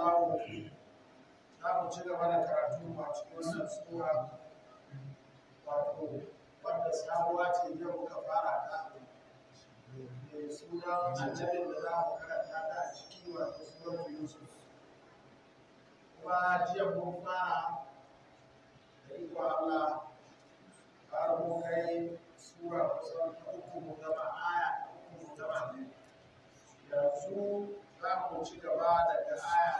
Allahu za mu ci gaba da karatu a cikin wannan Wanda wato wadda sabuwa ce yau muka fara ta mai suna annabin da za mu karanta ta a ciki wato sunan Yusuf kuma jiya mun fara da iko Allah mun kai sura kusan uku mu gama aya uku mu yanzu za mu ci gaba daga aya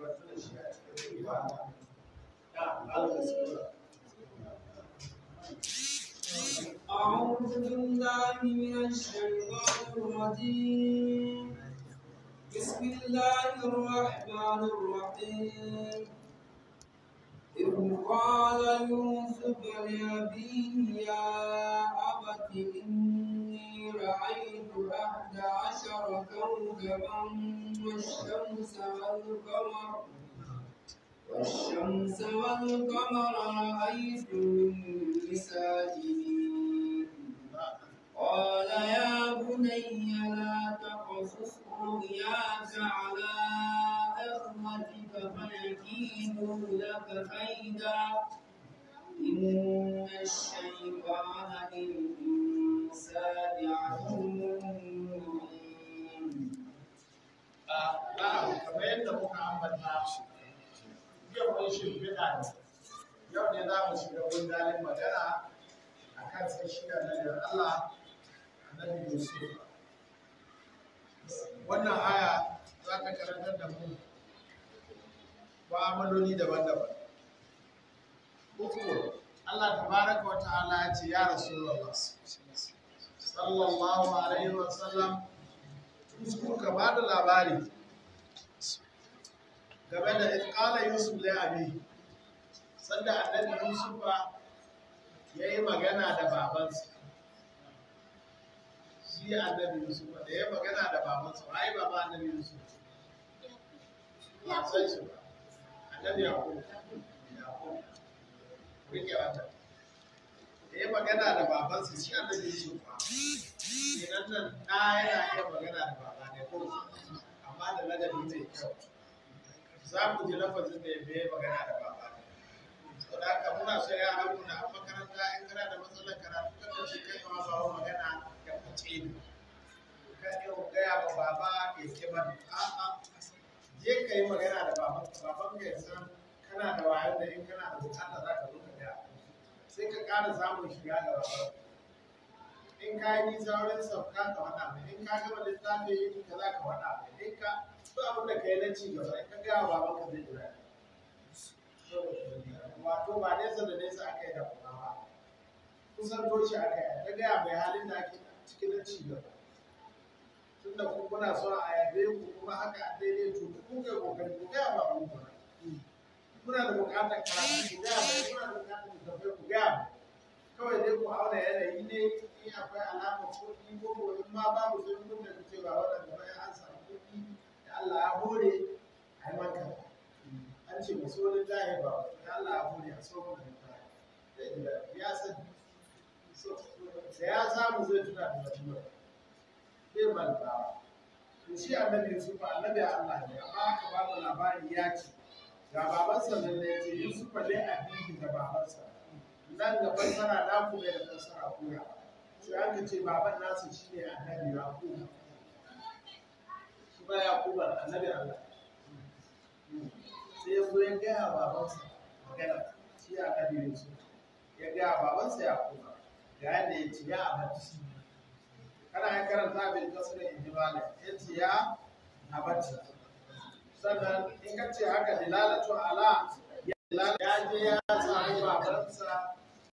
أعوذ بالله من الشيطان الرجيم بسم الله الرحمن الرحيم إذ قال يوسف لأبيه يا أبت إني رأيت أحد عشر كوكبا والشمس والقمر والشمس والقمر رأيتهم لي قال يا بني لا تقصص رؤياك على إخوتك فيكيدوا لك كيدا إن الشيطان للإنسان عدو مبين. آه، نعم، Yau jiya mun shimfiɗa ne yau ne za mu shiga gundalin magana a kan tsashiyar nagar Allah a annabi Yusuf wannan aya za ka karantar da mu Ba ma'amaloli daban-daban uku Allah ta baraka wa ta'ala ya ce ya rasu da rasulullah sallallahu alaihi wa sallam ka ba da labari game da ifkala yusuf da abi sanda annabi yusuf ya yi magana da babansa shi annabi yusuf da ya magana da babansa yi baba annabi yusuf ba san shi ba annabi ya yakubu rike wata da ya magana da babansa shi annabi yusuf ba kenan nan ɗa yana iya magana da babansa ne ko amma da ladabi mai kyau za mu ji lafazin da ya biye magana da baba saboda haka muna so ya haɗu da makaranta in kana da matsalar karatu kan ce kai ma ba magana ya fice ni kan yau gaya wa baba ya ke ban a'a je ka yi magana da baban ka baban ka ya san kana da wayo da in kana da bukata za ka zo ka gaya sai ka ƙara samun shiga da baban in ka yi nisa wurin sauka ka faɗa mai in ka gama littafi ka za ka faɗa mai in ka duk abin da ka yi na ci gaba in ka gaya baban ka zai jira wato ba nesa da nesa aka yi da kuma ba kusan toshe aka yi ta gaya mai halin da ake ciki na ci gaba tun da kun kuna son a yabe ku kuma haka daidai to ku kai kokari ku gaya baban ku muna da bukatar karatu ku gaya mai muna da bukatar tafiya ku gaya mai kawai dai ku auna yanayi ne in akwai alamar kuɗi ko in ma babu ce mai wani jahil ba Allah ya bude a tsohon da ya san da ya samu zai tuna da mutuwa zai manta to shi annabi Yusuf annabi Allah ne amma aka ba mu labari ya ce ga babansa nan ne ce fa ne a bibi da babansa nan da fassara na ku da fassara kura sai aka ce baban nasu shine annabi Yaqub kuma Yaqub annabi Allah zo ya gaya babansa magana shi a kabirin su ya gaya babansa ya kuma ga yadda ya ci ya abati kana ya karanta bin kasirin injimala ya ce ya abati sannan in ka ce haka dilalatu ala ya je ya sami babansa